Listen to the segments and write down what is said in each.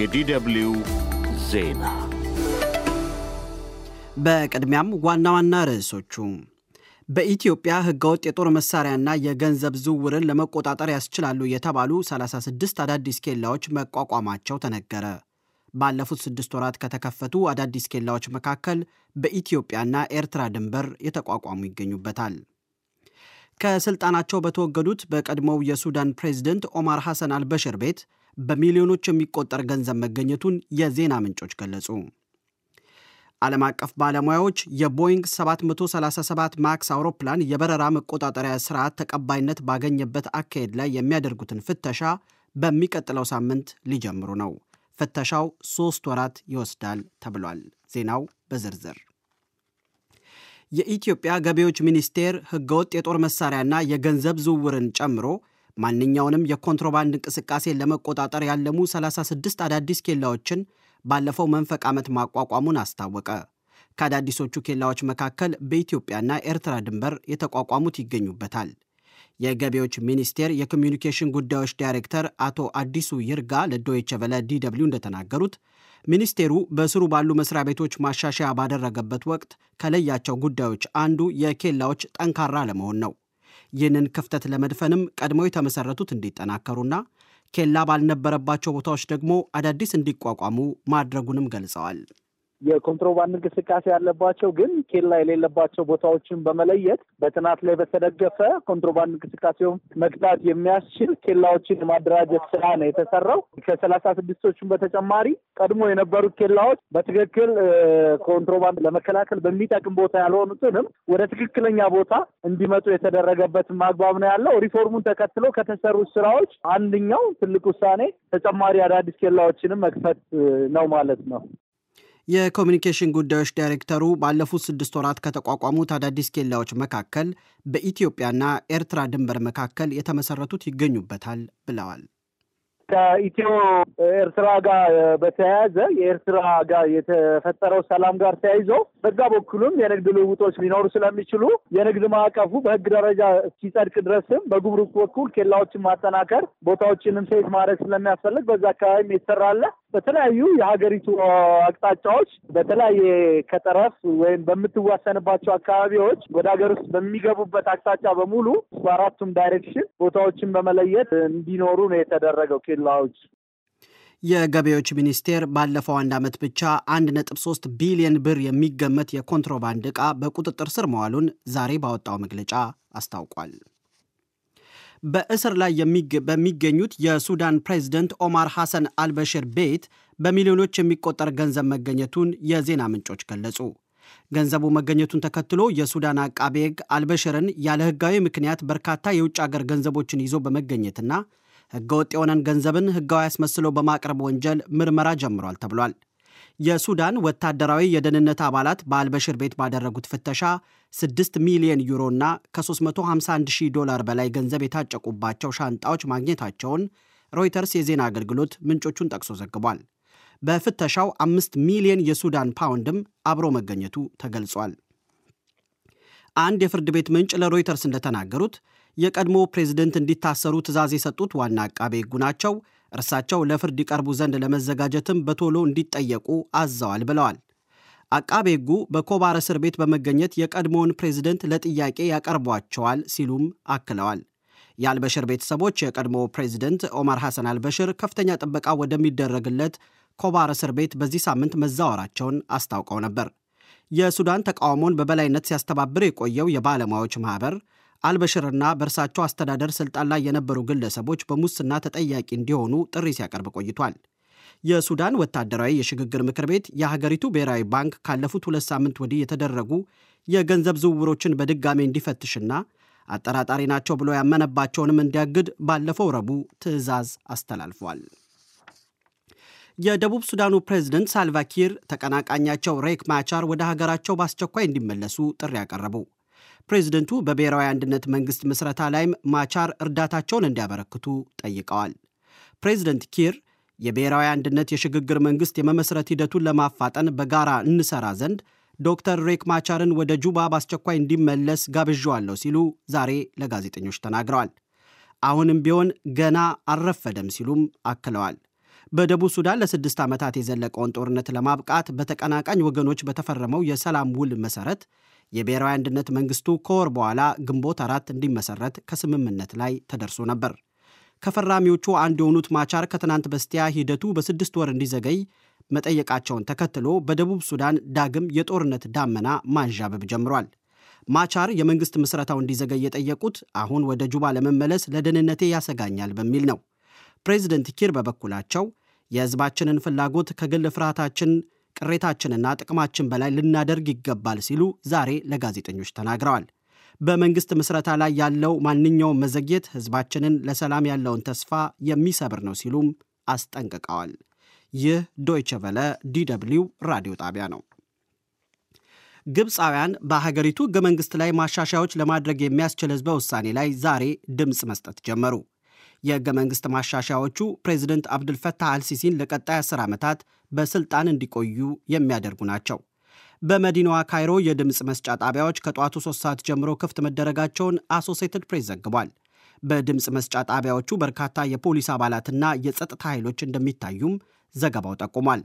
የዲደብልዩ ዜና በቅድሚያም ዋና ዋና ርዕሶቹ በኢትዮጵያ ህገወጥ የጦር መሳሪያና የገንዘብ ዝውውርን ለመቆጣጠር ያስችላሉ የተባሉ 36 አዳዲስ ኬላዎች መቋቋማቸው ተነገረ። ባለፉት ስድስት ወራት ከተከፈቱ አዳዲስ ኬላዎች መካከል በኢትዮጵያና ኤርትራ ድንበር የተቋቋሙ ይገኙበታል። ከስልጣናቸው በተወገዱት በቀድሞው የሱዳን ፕሬዝደንት ኦማር ሐሰን አልበሽር ቤት በሚሊዮኖች የሚቆጠር ገንዘብ መገኘቱን የዜና ምንጮች ገለጹ። ዓለም አቀፍ ባለሙያዎች የቦይንግ 737 ማክስ አውሮፕላን የበረራ መቆጣጠሪያ ስርዓት ተቀባይነት ባገኘበት አካሄድ ላይ የሚያደርጉትን ፍተሻ በሚቀጥለው ሳምንት ሊጀምሩ ነው። ፍተሻው ሦስት ወራት ይወስዳል ተብሏል። ዜናው በዝርዝር የኢትዮጵያ ገቢዎች ሚኒስቴር ሕገወጥ የጦር መሳሪያና የገንዘብ ዝውውርን ጨምሮ ማንኛውንም የኮንትሮባንድ እንቅስቃሴ ለመቆጣጠር ያለሙ 36 አዳዲስ ኬላዎችን ባለፈው መንፈቅ ዓመት ማቋቋሙን አስታወቀ። ከአዳዲሶቹ ኬላዎች መካከል በኢትዮጵያና ኤርትራ ድንበር የተቋቋሙት ይገኙበታል። የገቢዎች ሚኒስቴር የኮሚዩኒኬሽን ጉዳዮች ዳይሬክተር አቶ አዲሱ ይርጋ ለዶይቸ ቨለ ዲደብሊው እንደተናገሩት ሚኒስቴሩ በስሩ ባሉ መስሪያ ቤቶች ማሻሻያ ባደረገበት ወቅት ከለያቸው ጉዳዮች አንዱ የኬላዎች ጠንካራ ለመሆን ነው። ይህንን ክፍተት ለመድፈንም ቀድሞ የተመሰረቱት እንዲጠናከሩና ኬላ ባልነበረባቸው ቦታዎች ደግሞ አዳዲስ እንዲቋቋሙ ማድረጉንም ገልጸዋል። የኮንትሮባንድ እንቅስቃሴ ያለባቸው ግን ኬላ የሌለባቸው ቦታዎችን በመለየት በጥናት ላይ በተደገፈ ኮንትሮባንድ እንቅስቃሴውን መግታት የሚያስችል ኬላዎችን የማደራጀት ስራ ነው የተሰራው። ከሰላሳ ስድስቶቹን በተጨማሪ ቀድሞ የነበሩት ኬላዎች በትክክል ኮንትሮባንድ ለመከላከል በሚጠቅም ቦታ ያልሆኑትንም ወደ ትክክለኛ ቦታ እንዲመጡ የተደረገበት ማግባብ ነው ያለው። ሪፎርሙን ተከትሎ ከተሰሩ ስራዎች አንደኛው ትልቅ ውሳኔ ተጨማሪ አዳዲስ ኬላዎችንም መክፈት ነው ማለት ነው። የኮሚኒኬሽን ጉዳዮች ዳይሬክተሩ ባለፉት ስድስት ወራት ከተቋቋሙት አዳዲስ ኬላዎች መካከል በኢትዮጵያና ኤርትራ ድንበር መካከል የተመሰረቱት ይገኙበታል ብለዋል። ከኢትዮ ኤርትራ ጋር በተያያዘ የኤርትራ ጋር የተፈጠረው ሰላም ጋር ተያይዞ በዛ በኩልም የንግድ ልውውጦች ሊኖሩ ስለሚችሉ የንግድ ማዕቀፉ በሕግ ደረጃ እስኪጸድቅ ድረስም በጉምሩክ በኩል ኬላዎችን ማጠናከር ቦታዎችንም ሴት ማድረግ ስለሚያስፈልግ በዛ አካባቢም የተሰራለ በተለያዩ የሀገሪቱ አቅጣጫዎች በተለያየ ከጠረፍ ወይም በምትዋሰንባቸው አካባቢዎች ወደ ሀገር ውስጥ በሚገቡበት አቅጣጫ በሙሉ በአራቱም ዳይሬክሽን ቦታዎችን በመለየት እንዲኖሩ ነው የተደረገው ኬላዎች። የገቢዎች ሚኒስቴር ባለፈው አንድ ዓመት ብቻ 1.3 ቢሊዮን ብር የሚገመት የኮንትሮባንድ ዕቃ በቁጥጥር ስር መዋሉን ዛሬ ባወጣው መግለጫ አስታውቋል። በእስር ላይ በሚገኙት የሱዳን ፕሬዝደንት ኦማር ሐሰን አልበሽር ቤት በሚሊዮኖች የሚቆጠር ገንዘብ መገኘቱን የዜና ምንጮች ገለጹ። ገንዘቡ መገኘቱን ተከትሎ የሱዳን አቃቤ ሕግ አልበሽርን ያለ ሕጋዊ ምክንያት በርካታ የውጭ አገር ገንዘቦችን ይዞ በመገኘትና ሕገወጥ የሆነን ገንዘብን ሕጋዊ አስመስሎ በማቅረብ ወንጀል ምርመራ ጀምሯል ተብሏል። የሱዳን ወታደራዊ የደህንነት አባላት በአልበሽር ቤት ባደረጉት ፍተሻ 6 ሚሊዮን ዩሮና ከ351 ሺህ ዶላር በላይ ገንዘብ የታጨቁባቸው ሻንጣዎች ማግኘታቸውን ሮይተርስ የዜና አገልግሎት ምንጮቹን ጠቅሶ ዘግቧል። በፍተሻው 5 ሚሊዮን የሱዳን ፓውንድም አብሮ መገኘቱ ተገልጿል። አንድ የፍርድ ቤት ምንጭ ለሮይተርስ እንደተናገሩት የቀድሞ ፕሬዝደንት እንዲታሰሩ ትዕዛዝ የሰጡት ዋና አቃቤ ሕጉ ናቸው። እርሳቸው ለፍርድ ይቀርቡ ዘንድ ለመዘጋጀትም በቶሎ እንዲጠየቁ አዘዋል ብለዋል። አቃቤ ሕጉ በኮባር እስር ቤት በመገኘት የቀድሞውን ፕሬዝደንት ለጥያቄ ያቀርቧቸዋል ሲሉም አክለዋል። የአልበሽር ቤተሰቦች የቀድሞ ፕሬዝደንት ኦማር ሐሰን አልበሽር ከፍተኛ ጥበቃ ወደሚደረግለት ኮባር እስር ቤት በዚህ ሳምንት መዛወራቸውን አስታውቀው ነበር። የሱዳን ተቃውሞን በበላይነት ሲያስተባብር የቆየው የባለሙያዎች ማኅበር አልበሽርና በእርሳቸው አስተዳደር ስልጣን ላይ የነበሩ ግለሰቦች በሙስና ተጠያቂ እንዲሆኑ ጥሪ ሲያቀርብ ቆይቷል። የሱዳን ወታደራዊ የሽግግር ምክር ቤት የሀገሪቱ ብሔራዊ ባንክ ካለፉት ሁለት ሳምንት ወዲህ የተደረጉ የገንዘብ ዝውውሮችን በድጋሜ እንዲፈትሽና አጠራጣሪ ናቸው ብሎ ያመነባቸውንም እንዲያግድ ባለፈው ረቡዕ ትዕዛዝ አስተላልፏል። የደቡብ ሱዳኑ ፕሬዝደንት ሳልቫኪር ተቀናቃኛቸው ሬክ ማቻር ወደ ሀገራቸው በአስቸኳይ እንዲመለሱ ጥሪ አቀረቡ። ፕሬዝደንቱ በብሔራዊ አንድነት መንግስት ምስረታ ላይም ማቻር እርዳታቸውን እንዲያበረክቱ ጠይቀዋል። ፕሬዚደንት ኪር የብሔራዊ አንድነት የሽግግር መንግስት የመመስረት ሂደቱን ለማፋጠን በጋራ እንሰራ ዘንድ ዶክተር ሬክ ማቻርን ወደ ጁባ በአስቸኳይ እንዲመለስ ጋብዣዋለሁ ሲሉ ዛሬ ለጋዜጠኞች ተናግረዋል። አሁንም ቢሆን ገና አልረፈደም ሲሉም አክለዋል። በደቡብ ሱዳን ለስድስት ዓመታት የዘለቀውን ጦርነት ለማብቃት በተቀናቃኝ ወገኖች በተፈረመው የሰላም ውል መሠረት የብሔራዊ አንድነት መንግስቱ ከወር በኋላ ግንቦት አራት እንዲመሰረት ከስምምነት ላይ ተደርሶ ነበር። ከፈራሚዎቹ አንድ የሆኑት ማቻር ከትናንት በስቲያ ሂደቱ በስድስት ወር እንዲዘገይ መጠየቃቸውን ተከትሎ በደቡብ ሱዳን ዳግም የጦርነት ዳመና ማንዣበብ ጀምሯል። ማቻር የመንግስት ምስረታው እንዲዘገይ የጠየቁት አሁን ወደ ጁባ ለመመለስ ለደህንነቴ ያሰጋኛል በሚል ነው። ፕሬዚደንት ኪር በበኩላቸው የሕዝባችንን ፍላጎት ከግል ፍርሃታችን ቅሬታችንና ጥቅማችን በላይ ልናደርግ ይገባል ሲሉ ዛሬ ለጋዜጠኞች ተናግረዋል። በመንግሥት ምስረታ ላይ ያለው ማንኛውም መዘግየት ሕዝባችንን ለሰላም ያለውን ተስፋ የሚሰብር ነው ሲሉም አስጠንቅቀዋል። ይህ ዶይቸ ቨለ ዲደብሊው ራዲዮ ጣቢያ ነው። ግብፃውያን በሀገሪቱ ህገ መንግሥት ላይ ማሻሻያዎች ለማድረግ የሚያስችል ህዝበ ውሳኔ ላይ ዛሬ ድምፅ መስጠት ጀመሩ። የህገ መንግስት ማሻሻያዎቹ ፕሬዚደንት አብዱልፈታህ አልሲሲን ለቀጣይ አስር ዓመታት በስልጣን እንዲቆዩ የሚያደርጉ ናቸው። በመዲናዋ ካይሮ የድምፅ መስጫ ጣቢያዎች ከጠዋቱ ሶስት ሰዓት ጀምሮ ክፍት መደረጋቸውን አሶሴትድ ፕሬስ ዘግቧል። በድምፅ መስጫ ጣቢያዎቹ በርካታ የፖሊስ አባላትና የጸጥታ ኃይሎች እንደሚታዩም ዘገባው ጠቁሟል።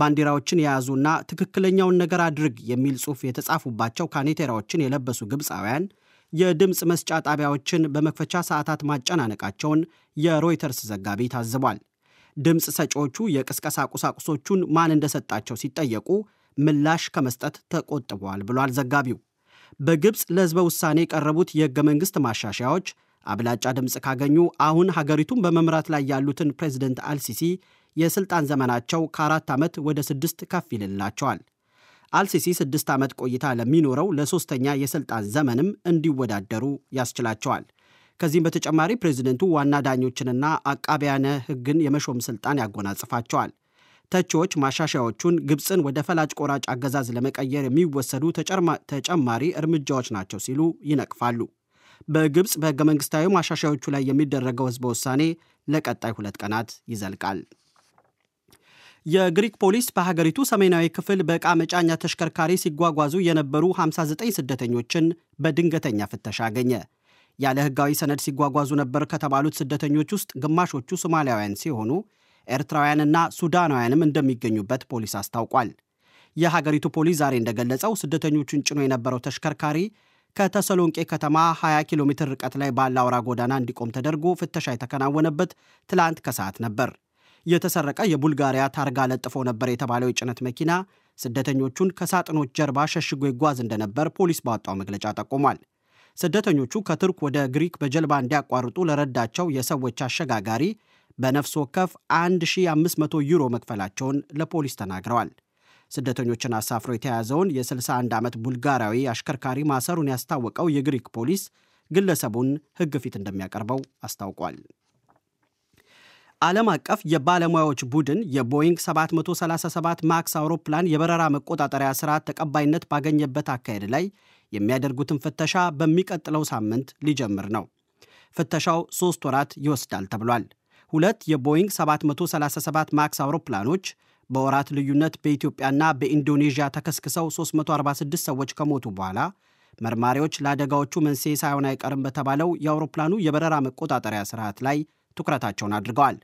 ባንዲራዎችን የያዙና ትክክለኛውን ነገር አድርግ የሚል ጽሑፍ የተጻፉባቸው ካኔቴራዎችን የለበሱ ግብፃውያን የድምፅ መስጫ ጣቢያዎችን በመክፈቻ ሰዓታት ማጨናነቃቸውን የሮይተርስ ዘጋቢ ታዝቧል። ድምፅ ሰጪዎቹ የቅስቀሳ ቁሳቁሶቹን ማን እንደሰጣቸው ሲጠየቁ ምላሽ ከመስጠት ተቆጥበዋል ብሏል ዘጋቢው። በግብፅ ለሕዝበ ውሳኔ የቀረቡት የሕገ መንግሥት ማሻሻያዎች አብላጫ ድምፅ ካገኙ አሁን ሀገሪቱን በመምራት ላይ ያሉትን ፕሬዚደንት አልሲሲ የሥልጣን ዘመናቸው ከአራት ዓመት ወደ ስድስት ከፍ ይልላቸዋል። አልሲሲ ስድስት ዓመት ቆይታ ለሚኖረው ለሶስተኛ የሥልጣን ዘመንም እንዲወዳደሩ ያስችላቸዋል። ከዚህም በተጨማሪ ፕሬዚደንቱ ዋና ዳኞችንና አቃቢያነ ሕግን የመሾም ሥልጣን ያጎናጽፋቸዋል። ተቺዎች ማሻሻያዎቹን ግብፅን ወደ ፈላጭ ቆራጭ አገዛዝ ለመቀየር የሚወሰዱ ተጨማሪ እርምጃዎች ናቸው ሲሉ ይነቅፋሉ። በግብፅ በሕገ መንግሥታዊ ማሻሻያዎቹ ላይ የሚደረገው ሕዝበ ውሳኔ ለቀጣይ ሁለት ቀናት ይዘልቃል። የግሪክ ፖሊስ በሀገሪቱ ሰሜናዊ ክፍል በዕቃ መጫኛ ተሽከርካሪ ሲጓጓዙ የነበሩ 59 ስደተኞችን በድንገተኛ ፍተሻ አገኘ። ያለ ሕጋዊ ሰነድ ሲጓጓዙ ነበር ከተባሉት ስደተኞች ውስጥ ግማሾቹ ሶማሊያውያን ሲሆኑ ኤርትራውያንና ሱዳናውያንም እንደሚገኙበት ፖሊስ አስታውቋል። የሀገሪቱ ፖሊስ ዛሬ እንደገለጸው ስደተኞቹን ጭኖ የነበረው ተሽከርካሪ ከተሰሎንቄ ከተማ 20 ኪሎ ሜትር ርቀት ላይ ባለ አውራ ጎዳና እንዲቆም ተደርጎ ፍተሻ የተከናወነበት ትላንት ከሰዓት ነበር። የተሰረቀ የቡልጋሪያ ታርጋ ለጥፎ ነበር የተባለው የጭነት መኪና ስደተኞቹን ከሳጥኖች ጀርባ ሸሽጎ ይጓዝ እንደነበር ፖሊስ ባወጣው መግለጫ ጠቁሟል። ስደተኞቹ ከቱርክ ወደ ግሪክ በጀልባ እንዲያቋርጡ ለረዳቸው የሰዎች አሸጋጋሪ በነፍስ ወከፍ 1500 ዩሮ መክፈላቸውን ለፖሊስ ተናግረዋል። ስደተኞችን አሳፍሮ የተያዘውን የ61 ዓመት ቡልጋሪያዊ አሽከርካሪ ማሰሩን ያስታወቀው የግሪክ ፖሊስ ግለሰቡን ሕግ ፊት እንደሚያቀርበው አስታውቋል። ዓለም አቀፍ የባለሙያዎች ቡድን የቦይንግ 737 ማክስ አውሮፕላን የበረራ መቆጣጠሪያ ስርዓት ተቀባይነት ባገኘበት አካሄድ ላይ የሚያደርጉትን ፍተሻ በሚቀጥለው ሳምንት ሊጀምር ነው። ፍተሻው ሦስት ወራት ይወስዳል ተብሏል። ሁለት የቦይንግ 737 ማክስ አውሮፕላኖች በወራት ልዩነት በኢትዮጵያና በኢንዶኔዥያ ተከስክሰው 346 ሰዎች ከሞቱ በኋላ መርማሪዎች ለአደጋዎቹ መንስኤ ሳይሆን አይቀርም በተባለው የአውሮፕላኑ የበረራ መቆጣጠሪያ ስርዓት ላይ ትኩረታቸውን አድርገዋል።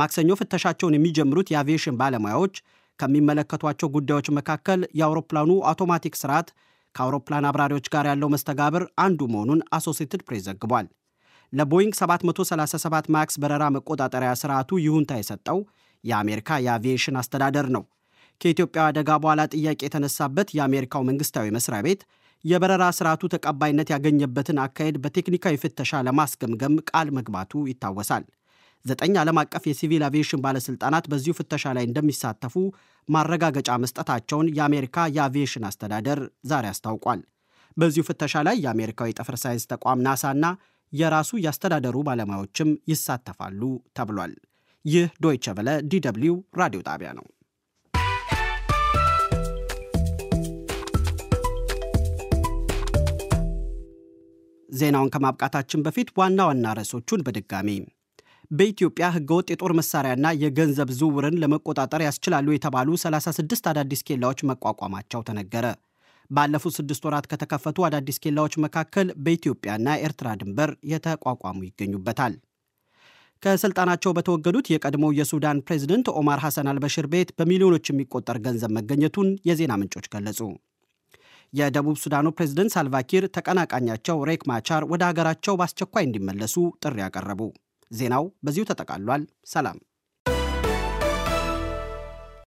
ማክሰኞ ፍተሻቸውን የሚጀምሩት የአቪዬሽን ባለሙያዎች ከሚመለከቷቸው ጉዳዮች መካከል የአውሮፕላኑ አውቶማቲክ ስርዓት ከአውሮፕላን አብራሪዎች ጋር ያለው መስተጋብር አንዱ መሆኑን አሶሴትድ ፕሬስ ዘግቧል። ለቦይንግ 737 ማክስ በረራ መቆጣጠሪያ ስርዓቱ ይሁንታ የሰጠው የአሜሪካ የአቪዬሽን አስተዳደር ነው። ከኢትዮጵያ አደጋ በኋላ ጥያቄ የተነሳበት የአሜሪካው መንግስታዊ መስሪያ ቤት የበረራ ስርዓቱ ተቀባይነት ያገኘበትን አካሄድ በቴክኒካዊ ፍተሻ ለማስገምገም ቃል መግባቱ ይታወሳል። ዘጠኝ ዓለም አቀፍ የሲቪል አቪዬሽን ባለሥልጣናት በዚሁ ፍተሻ ላይ እንደሚሳተፉ ማረጋገጫ መስጠታቸውን የአሜሪካ የአቪዬሽን አስተዳደር ዛሬ አስታውቋል። በዚሁ ፍተሻ ላይ የአሜሪካው የጠፈር ሳይንስ ተቋም ናሳና የራሱ የአስተዳደሩ ባለሙያዎችም ይሳተፋሉ ተብሏል። ይህ ዶይቸ ቨለ ዲ ራዲዮ ጣቢያ ነው። ዜናውን ከማብቃታችን በፊት ዋና ዋና ርዕሶቹን በድጋሚ በኢትዮጵያ ህገወጥ የጦር መሳሪያና የገንዘብ ዝውውርን ለመቆጣጠር ያስችላሉ የተባሉ 36 አዳዲስ ኬላዎች መቋቋማቸው ተነገረ። ባለፉት ስድስት ወራት ከተከፈቱ አዳዲስ ኬላዎች መካከል በኢትዮጵያና ኤርትራ ድንበር የተቋቋሙ ይገኙበታል። ከስልጣናቸው በተወገዱት የቀድሞው የሱዳን ፕሬዝደንት ኦማር ሐሰን አልበሽር ቤት በሚሊዮኖች የሚቆጠር ገንዘብ መገኘቱን የዜና ምንጮች ገለጹ። የደቡብ ሱዳኑ ፕሬዝደንት ሳልቫኪር ተቀናቃኛቸው ሬክ ማቻር ወደ አገራቸው በአስቸኳይ እንዲመለሱ ጥሪ ያቀረቡ። ዜናው በዚሁ ተጠቃሏል። ሰላም።